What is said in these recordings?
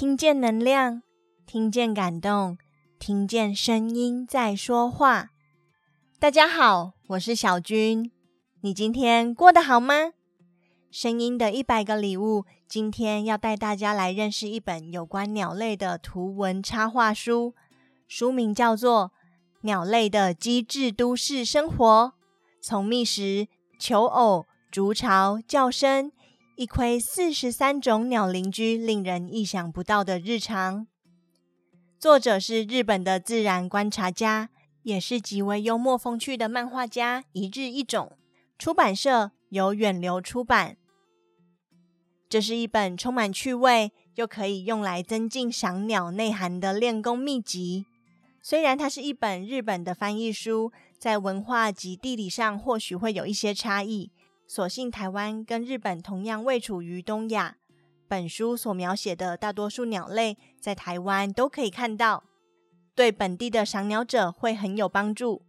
聽見能量，聽見感動，聽見聲音在說話。大家好，我是小君。你今天過得好嗎？聲音的一百個禮物，今天要帶大家來認識一本有關鳥類的圖文插畫書，書名叫做《鳥類的機智都市生活》，從覓食、求偶、築巢、叫聲。一窺四十三種鳥鄰居令人意想不到的日常。作者是日本的自然觀察家，也是極為幽默風趣的漫畫家，一日一種，出版社由遠流出版。這是一本充滿趣味，又可以用來增進賞鳥內涵的練功秘籍。雖然它是一本日本的翻譯書，在文化及地理上或許會有一些差異。所幸台灣跟日本同樣位處於東亞，本書所描寫的大多數鳥類在台灣都可以看到，對本地的賞鳥者會很有幫助。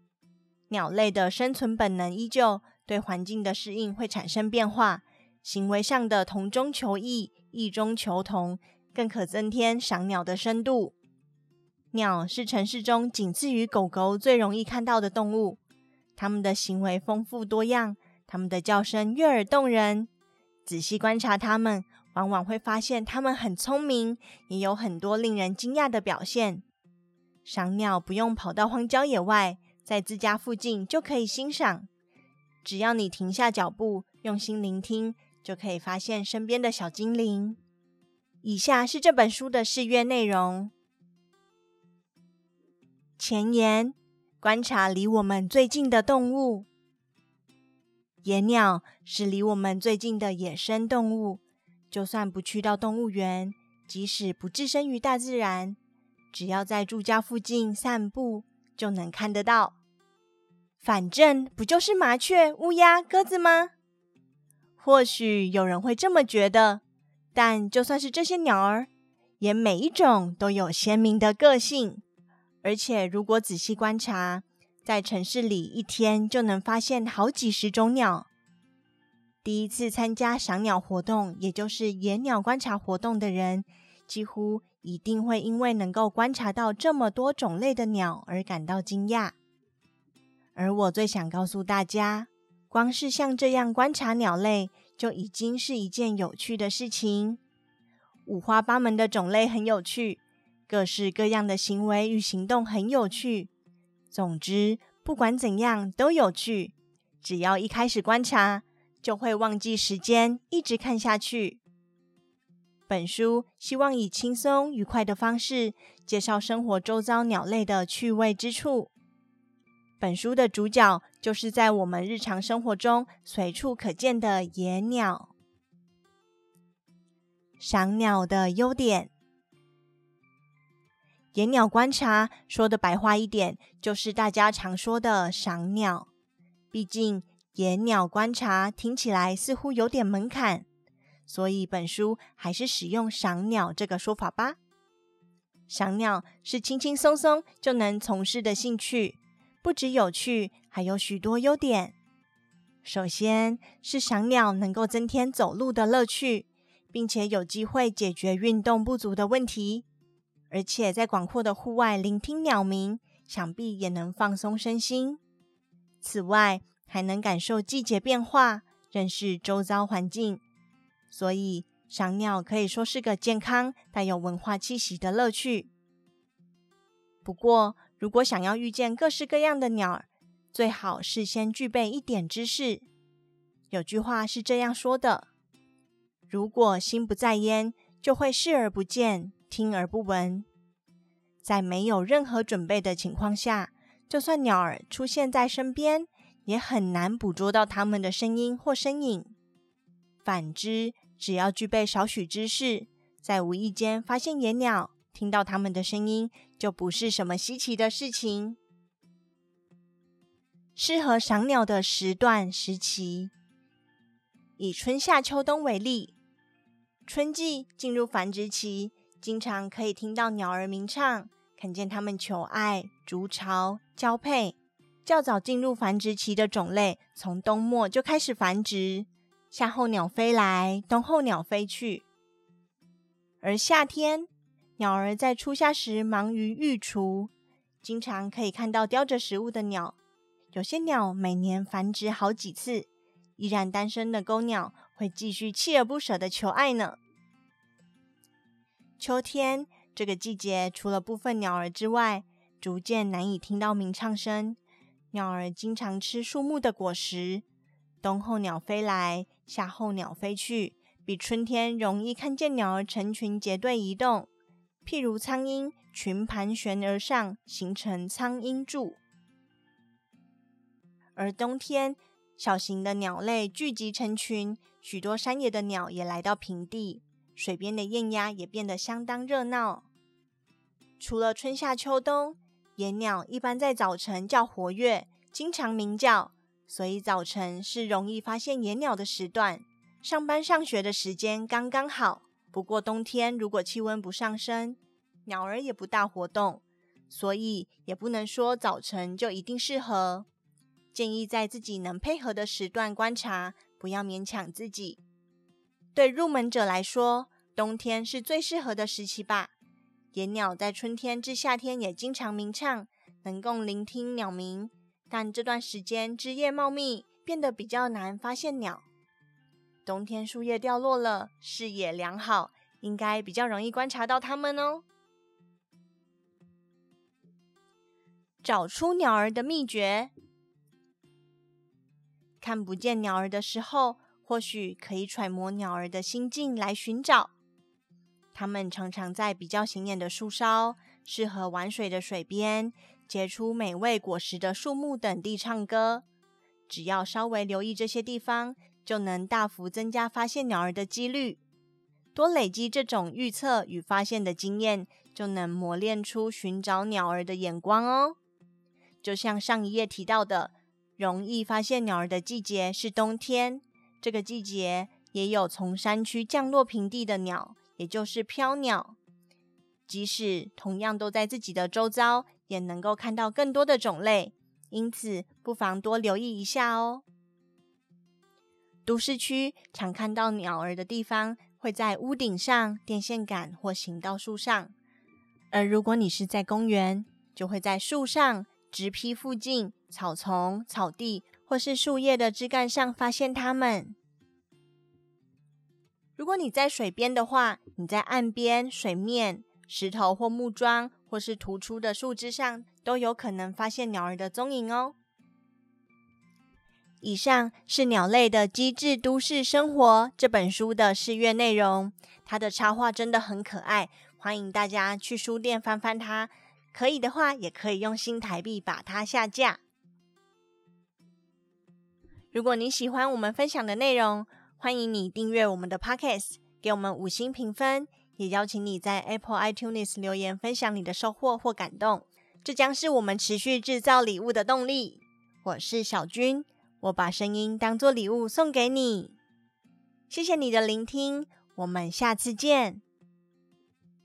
鳥類的生存本能依舊，對環境的適應會產生變化，行為上的同中求異、異中求同，更可增添賞鳥的深度。鳥是城市中僅次於狗狗最容易看到的動物，它們的行為豐富多樣。它們的叫聲悅耳動人，仔細觀察它們，往往會發現它們很聰明，也有很多令人驚訝的表現。賞鳥不用跑到荒郊野外，在自家附近就可以欣賞。只要你停下腳步，用心聆聽，就可以發現身邊的小精靈。以下是這本書的試閱內容：前言，觀察離我們最近的動物。野鳥是離我們最近的野生動物，就算不去到動物園，即使不置身於大自然，只要在住家附近散步，就能看得到。反正不就是麻雀、烏鴉、鴿子嗎？或許有人會這麼覺得，但就算是這些鳥兒，也每一種都有鮮明的個性，而且如果仔細觀察，在城市裡，一天就能發現好幾十種鳥。第一次參加賞鳥活動，也就是野鳥觀察活動的人，幾乎一定會因為能夠觀察到這麼多種類的鳥而感到驚訝。而我最想告訴大家，光是像這樣觀察鳥類，就已經是一件有趣的事情。五花八門的種類很有趣，各式各樣的行為與行動很有趣。總之，不管怎樣都有趣。只要一開始觀察，就會忘記時間，一直看下去。本書希望以輕鬆愉快的方式介紹生活周遭鳥類的趣味之處。本書的主角就是在我們日常生活中隨處可見的野鳥。賞鳥的優點。野鳥觀察說的白話一點，就是大家常說的賞鳥。畢竟野鳥觀察聽起來似乎有點門檻，所以本書還是使用賞鳥這個說法吧。賞鳥是輕輕鬆鬆就能從事的興趣，不只有趣，還有許多優點。首先是賞鳥能夠增添走路的樂趣，並且有機會解決運動不足的問題。而且在廣闊的戶外聆聽鳥鳴，想必也能放鬆身心。此外，還能感受季節變化，認識周遭環境。所以，賞鳥可以說是個健康、帶有文化氣息的樂趣。不過，如果想要遇見各式各樣的鳥，最好事先具備一點知識。有句話是這樣說的：如果心不在焉，就會視而不見。聽而不聞，在沒有任何準備的情況下，就算鳥兒出現在身邊，也很難捕捉到它們的聲音或身影。反之，只要具備少許知識，在無意間發現野鳥，聽到它們的聲音，就不是什麼稀奇的事情。適合賞鳥的時段時期，以春夏秋冬為例，春季進入繁殖期。經常可以聽到鳥兒鳴唱，看見它們求愛、築巢、交配。較早進入繁殖期的種類，從冬末就開始繁殖。夏候鳥飛來，冬候鳥飛去。而夏天，鳥兒在初夏時忙於育雛，經常可以看到叼着食物的鳥。有些鳥每年繁殖好幾次，依然單身的公鳥會繼續鍥而不捨地求愛呢。秋天這個季節，除了部分鳥兒之外，逐漸難以聽到鳴唱聲。鳥兒經常吃樹木的果實。冬候鳥飛來，夏候鳥飛去，比春天容易看見鳥兒成群結隊移動。譬如蒼鷹群盤旋而上，形成蒼鷹柱。而冬天，小型的鳥類聚集成群，許多山野的鳥也來到平地。水邊的雁鴨也變得相當熱鬧。除了春夏秋冬，野鳥一般在早晨較活躍，經常鳴叫，所以早晨是容易發現野鳥的時段。上班上學的時間剛剛好。不過冬天如果氣溫不上升，鳥兒也不大活動，所以也不能說早晨就一定適合。建議在自己能配合的時段觀察，不要勉強自己。對入門者來說，冬天是最適合的時期吧。野鳥在春天至夏天也經常鳴唱，能夠聆聽鳥鳴，但這段時間枝葉茂密，變得比較難發現鳥。冬天樹葉掉落了，視野良好，應該比較容易觀察到它們哦。找出鳥兒的秘訣，看不見鳥兒的時候，或許可以揣摩鳥兒的心境來尋找。它們常常在比較顯眼的樹梢、適合玩水的水邊、結出美味果實的樹木等地唱歌。只要稍微留意這些地方，就能大幅增加發現鳥兒的幾率。多累積這種預測與發現的經驗，就能磨練出尋找鳥兒的眼光哦。就像上一頁提到的，容易發現鳥兒的季節是冬天，這個季節也有從山區降落平地的鳥。也就是飄鳥，即使同樣都在自己的周遭，也能夠看到更多的種類，因此不妨多留意一下哦。都市區常看到鳥兒的地方會在屋頂上、電線桿或行道樹上，而如果你是在公園，就會在樹上、植披附近、草叢、草地或是樹葉的枝幹上發現它們。如果你在水邊的話，你在岸邊、水面、石頭或木樁，或是突出的樹枝上，都有可能發現鳥兒的蹤影哦。以上是《鳥類的機智都市生活》這本書的試閱內容，它的插畫真的很可愛，歡迎大家去書店翻翻它。可以的話，也可以用新台幣把它下架。如果你喜歡我們分享的內容，歡迎你訂閱我們的 Podcast，給我們五星評分，也邀請你在 Apple iTunes 留言分享你的收穫或感動，這將是我們持續制造禮物的動力。我是小君，我把聲音當做禮物送給你，謝謝你的聆聽，我們下次見。